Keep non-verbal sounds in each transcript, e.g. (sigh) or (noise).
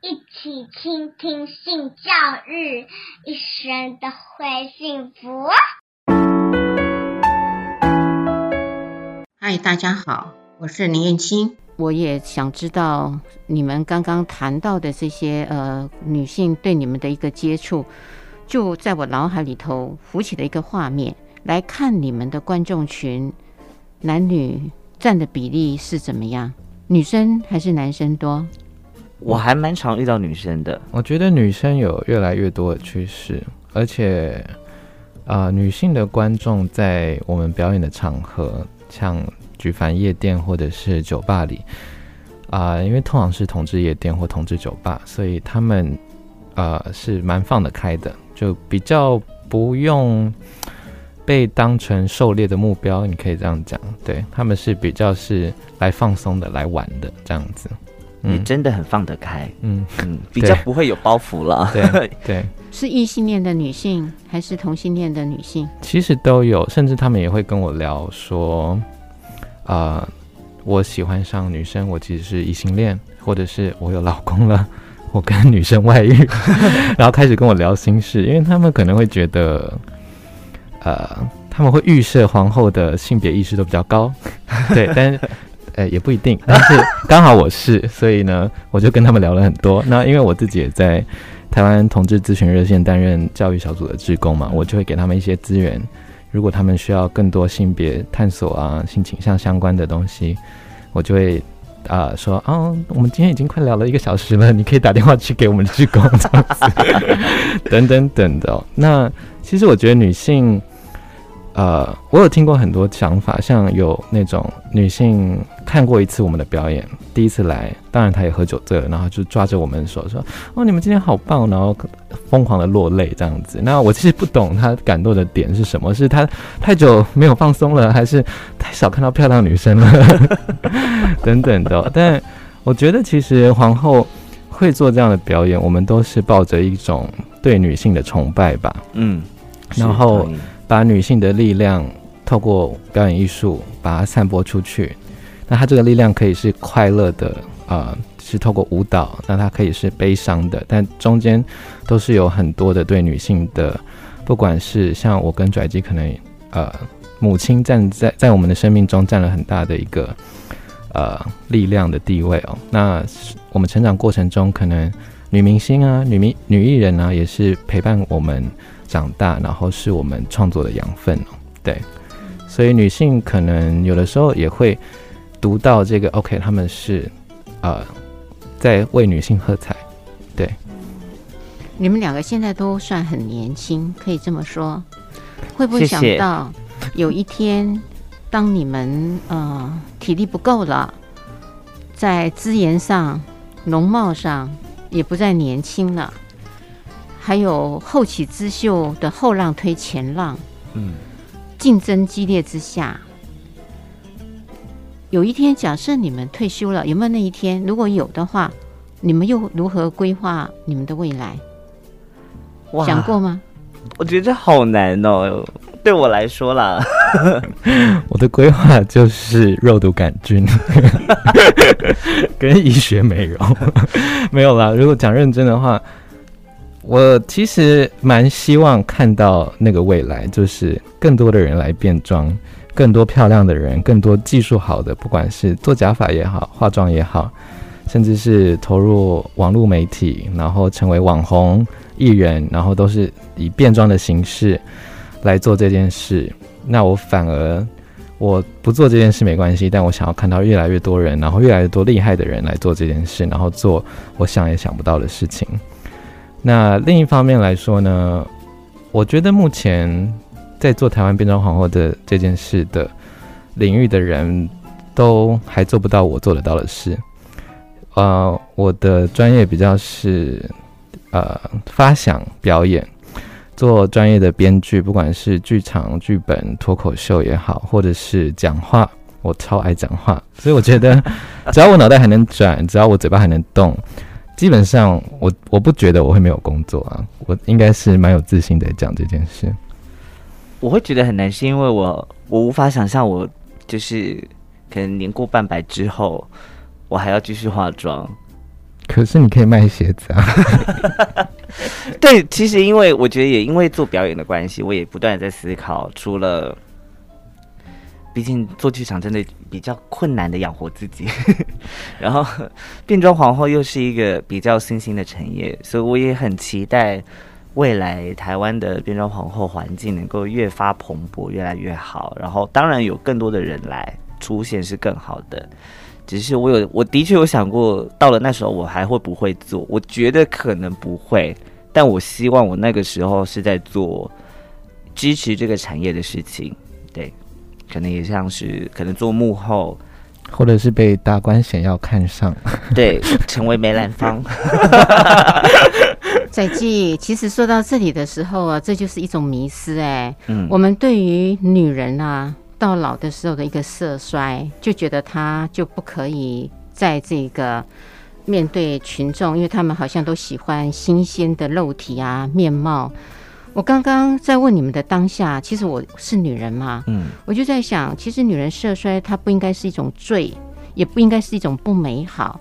一起傾聽性教育，一生都會幸福。嗨，大家好，我是林燕青。我也想知道你們剛剛談到的這些呃，女性對你們的一個接觸，就在我腦海裡頭浮起了一個畫面。來看你們的觀眾群，男女占的比例是怎麼樣？女生還是男生多？我還蠻常遇到女生的。我覺得女生有越來越多的趨勢，而且，啊、呃，女性的觀眾在我們表演的場合，像舉凡夜店或者是酒吧裡，啊、呃，因為通常是同志夜店或同志酒吧，所以他們，啊、呃、是蠻放得開的，就比較不用被當成狩獵的目標，你可以這樣講。對，他們是比較是來放鬆的，來玩的這樣子。也真的很放得開，嗯嗯，嗯比較不會有包袱了。對對，對 (laughs) 是異性戀的女性還是同性戀的女性？其實都有，甚至他們也會跟我聊說，啊、呃，我喜歡上女生，我其實是異性戀，或者是我有老公了，我跟女生外遇， (laughs) (laughs) 然後開始跟我聊心事，因為他們可能會覺得，呃，他們會預設皇後的性別意識都比較高，對，但是。 (laughs) 哎、欸，也不一定，但是剛好我是，所以呢，我就跟他們聊了很多。那因為我自己也在台灣同志諮詢熱線擔任教育小組的志工嘛，我就會給他們一些資源。如果他們需要更多性別探索啊、性傾向相關的東西，我就會啊、呃、說啊、哦，我們今天已經快聊了一個小時了，你可以打電話去給我們志工，這樣子 (laughs) 等、等等等的。那其實我覺得女性。呃，我有聽過很多想法，像有那種女性看過一次我們的表演，第一次來，當然她也喝酒醉了，然後就抓着我們手說說哦，你們今天好棒，然後瘋狂地落淚這樣子。那我其實不懂她感動的點是什麼，是她太久沒有放鬆了，還是太少看到漂亮女生了 (laughs) (laughs) 等等的。但我覺得其實皇後會做這樣的表演，我們都是抱着一種對女性的崇拜吧。嗯，然後。把女性的力量透過表演藝術把它散播出去，那它這個力量可以是快樂的，啊、呃，是透過舞蹈；那它可以是悲傷的，但中間都是有很多的對女性的，不管是像我跟跩姬，可能呃，母親站在在我們的生命中占了很大的一個呃力量的地位哦。那我們成長過程中可能。女明星啊，女明女藝人啊，也是陪伴我們長大，然後是我們創作的養分哦、啊。對，所以女性可能有的時候也會讀到這個 OK，他們是呃在為女性喝彩。對，你們兩個現在都算很年輕，可以這麼說，會不會想到有一天 (laughs) 當你們呃體力不夠了，在資源上、容貌上？也不再年輕了，還有後起之秀的後浪推前浪，嗯，競爭激烈之下，有一天假設你們退休了，有沒有那一天？如果有的話，你們又如何規劃你們的未來？想哇過嗎？我覺得這好難哦，對我來說啦。 (laughs) 我的規劃就是肉毒桿菌 (laughs) 跟醫學美容， (laughs) 沒有啦。如果講認真的話，我其實蠻希望看到那個未來，就是更多的人來變裝，更多漂亮的人，更多技術好的，不管是做假髮也好，化妝也好。甚至是投入網絡媒體，然後成為網紅藝人，然後都是以變裝的形式來做這件事。那我反而我不做這件事沒關係，但我想要看到越來越多人，然後越來越多厲害的人來做這件事，然後做我想也想不到的事情。那另一方面來說呢，我覺得目前在做台灣變裝皇後的這件事的領域的人都還做不到我做得到的事。呃，我的專業比較是呃發想表演，做專業的編劇，不管是劇場劇本、脫口秀也好，或者是講話，我超愛講話，所以我覺得只要我腦袋還能轉， (laughs) 只要我嘴巴還能動，基本上我我不覺得我會沒有工作啊，我應該是蠻有自信的講這件事。我會覺得很難，是因為我我無法想象我就是可能年過半百之後。我還要繼續化妝，可是你可以賣鞋子啊！ (laughs) 對，其實因為我覺得也因為做表演的關係，我也不斷在思考，除了畢竟做劇場真的比較困難的養活自己， (laughs) 然後變裝皇后又是一個比較新興的產業，所以我也很期待未來台灣的變裝皇后環境能夠越發蓬勃，越來越好。然後當然有更多的人來出現是更好的。只是我有，我的確有想過，到了那時候我還會不會做？我覺得可能不會，但我希望我那個時候是在做支持這個產業的事情，對，可能也像是可能做幕後，或者是被達官顯要看上，對， (laughs) 成為梅蘭芳。跩姬，其實說到這裡的時候啊，這就是一種迷思哎，嗯，我們對於女人啊。到老的時候的一個色衰，就覺得他就不可以在這個面對群眾，因為他們好像都喜歡新鮮的肉體啊面貌。我剛剛在問你們的當下，其實我是女人嘛，嗯，我就在想，其實女人色衰，它不應該是一種罪，也不應該是一種不美好。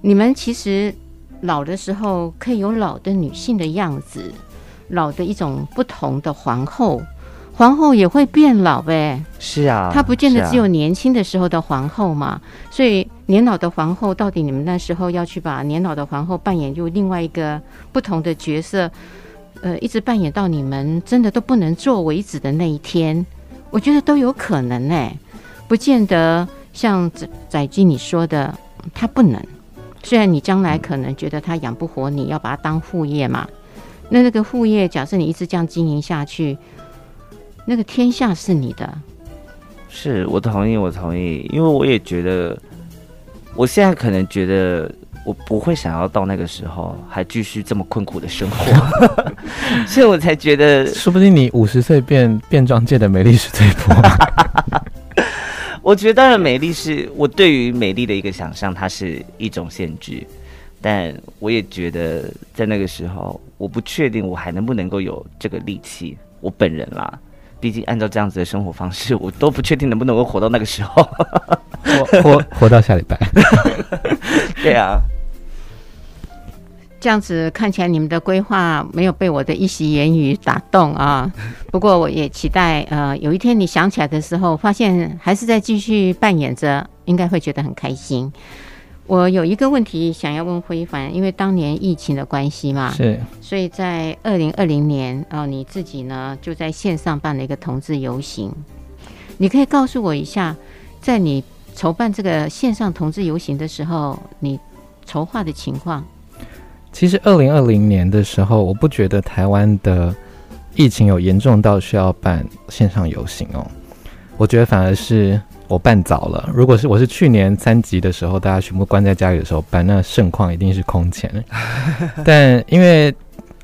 你們其實老的時候，可以有老的女性的樣子，老的一種不同的皇後。皇後也會變老唄，是啊，她不見得只有年輕的時候的皇後嘛。啊、所以年老的皇后到底，你們那時候要去把年老的皇后扮演入另外一個不同的角色，呃，一直扮演到你們真的都不能做為止的那一天，我覺得都有可能誒、欸，不見得像跩姬你說的，她不能。雖然你將來可能覺得她養不活你，嗯、要把他當副業嘛，那那個副業假設你一直這樣經營下去，那個天下是你的，是，我同意，我同意，因為我也覺得，我現在可能覺得我不會想要到那個時候還繼續這麼困苦的生活，所以 (laughs) (laughs) (laughs) 我才覺得，說不定你五十歲變變裝界的美麗是最多。 (laughs) (laughs) 我覺得當然美麗是我對於美麗的一個想象，它是一種限制，但我也覺得在那個時候，我不確定我還能不能夠有這個力氣，我本人啦。畢竟，按照這樣子的生活方式，我都不確定能不能夠活到那個時候， (laughs) 活活活到下禮拜。 (laughs) 對啊，這樣子看起來，你們的規劃沒有被我的一席言語打動啊。不過，我也期待，呃，有一天你想起來的時候，發現還是在繼續扮演着，應該會覺得很開心。我有一個問題想要問飛帆，因為當年疫情的關係嘛，是，所以在二零二零年，啊、哦，你自己呢就在線上辦了一個同志遊行，你可以告訴我一下，在你籌辦這個線上同志遊行的時候，你籌劃的情況。其實二零二零年的時候，我不覺得台灣的疫情有嚴重到需要辦線上遊行哦，我覺得反而是。我辦早了，如果是我是去年三級的時候，大家全部關在家裡的時候辦。那盛況一定是空前。 (laughs) 但因為，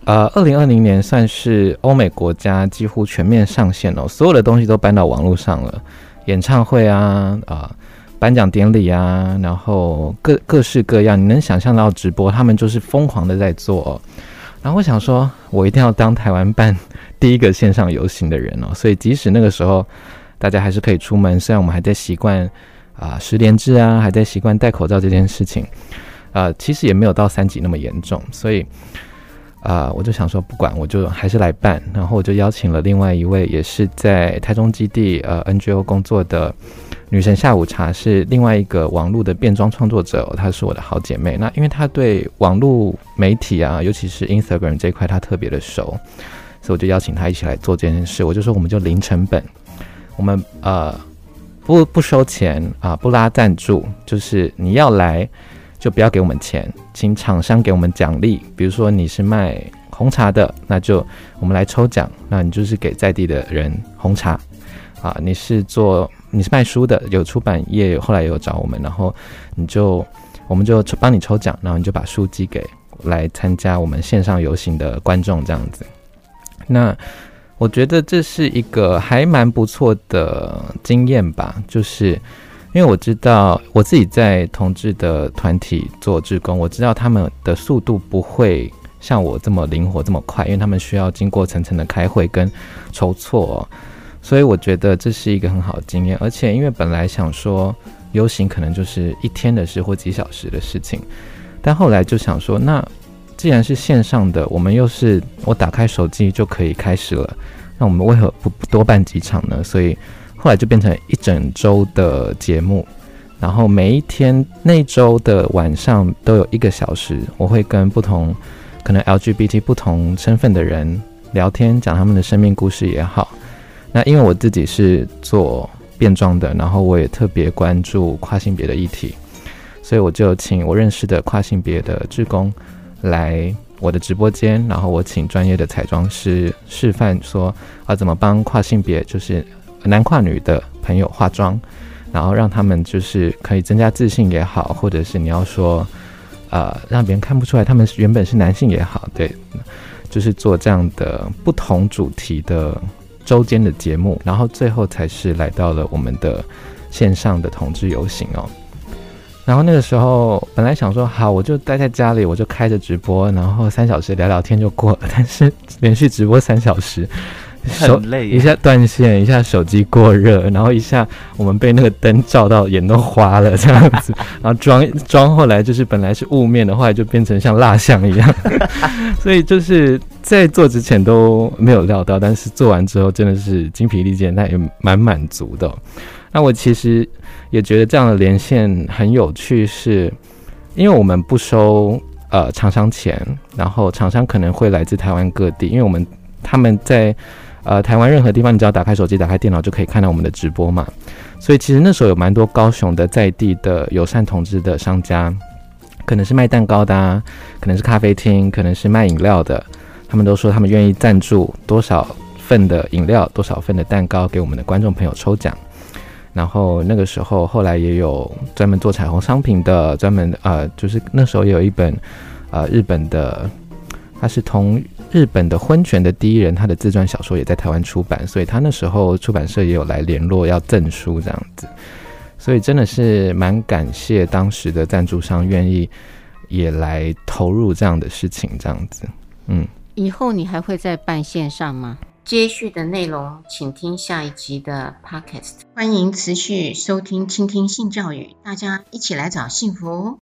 呃，二零二零年算是歐美國家幾乎全面上線了，哦，所有的東西都搬到網絡上了，演唱會啊啊，呃、頒獎典禮啊，然後各各式各樣，你能想象到直播，他們就是瘋狂的在做，哦。然後我想說，我一定要當台灣辦第一個線上遊行的人哦。所以即使那個時候。大家還是可以出門，雖然我們還在習慣啊實聯制啊，還在習慣戴口罩這件事情，呃，其實也沒有到三級那麼嚴重，所以，呃，我就想說不管，我就還是來辦。然後我就邀請了另外一位也是在台中基地呃 NGO 工作的女神下午茶，是另外一個網絡的變裝創作者哦，她是我的好姐妹。那因為她對網絡媒體啊，尤其是 Instagram 這一塊，她特別的熟，所以我就邀請她一起來做這件事。我就說我們就零成本。我們呃不不收錢啊、呃，不拉贊助，就是你要來就不要給我們錢，請廠商給我們獎勵。比如說你是賣紅茶的，那就我們來抽獎，那你就是給在地的人紅茶啊、呃。你是做你是賣書的，有出版業後來也有找我們，然後你就我們就幫你抽獎，然後你就把書寄給來參加我們線上遊行的觀眾這樣子。那。我覺得這是一個還蠻不錯的經驗吧，就是因為我知道我自己在同志的團體做志工，我知道他們的速度不會像我這麼靈活這麼快，因為他們需要經過層層的開會跟籌措哦，所以我覺得這是一個很好的經驗。而且因為本來想說遊行可能就是一天的事或幾小時的事情，但後來就想說那。既然是線上的，我們又是我打開手機就可以開始了，那我們為何不，不多辦幾場呢？所以後來就變成一整周的節目，然後每一天那周的晚上都有一個小時，我會跟不同可能 LGBT 不同身份的人聊天，講他們的生命故事也好。那因為我自己是做變裝的，然後我也特別關注跨性別的議題，所以我就請我認識的跨性別的志工。來我的直播間，然後我請專業的彩妝師示範，說啊怎麼幫跨性別，就是男跨女的朋友化妝，然後讓他們就是可以增加自信也好，或者是你要說，啊，呃，讓別人看不出來他們原本是男性也好，對，就是做這樣的不同主題的周間的節目，然後最後才是來到了我們的線上的同志遊行哦。然後那個時候，本來想說好，我就待在家裡，我就開着直播，然後三小時聊聊天就過了。但是連續直播三小時，很累，一下斷線，一下手機過熱，然後一下我們被那個燈照到眼都花了這樣子。然後妝妝後來就是本來是霧面的，後來就變成像蠟像一樣。所以就是在做之前都沒有料到，但是做完之後真的是精疲力盡，但也蠻滿，滿足的。那我其實也覺得這樣的連線很有趣，是因為我們不收呃廠商錢，然後廠商可能會來自台灣各地，因為我們他們在呃台灣任何地方，你只要打開手機、打開電腦就可以看到我們的直播嘛。所以其實那時候有蠻多高雄的在地的友善同志的商家，可能是賣蛋糕的啊，可能是咖啡廳，可能是賣飲料的，他們都說他們願意贊助多少份的飲料、多少份的蛋糕給我們的觀眾朋友抽獎。然後那個時候，後來也有專門做彩虹商品的，專門呃，就是那時候也有一本，呃，日本的，他是同日本的婚權的第一人，他的自傳小說也在台灣出版，所以他那時候出版社也有來聯絡要贈書這樣子，所以真的是蠻感謝當時的贊助商願意也來投入這樣的事情這樣子，嗯，以後你還會再辦線上嗎？接續的內容，請聽下一集的 podcast。歡迎持續收聽，聽、傾聽性教育，大家一起來找幸福。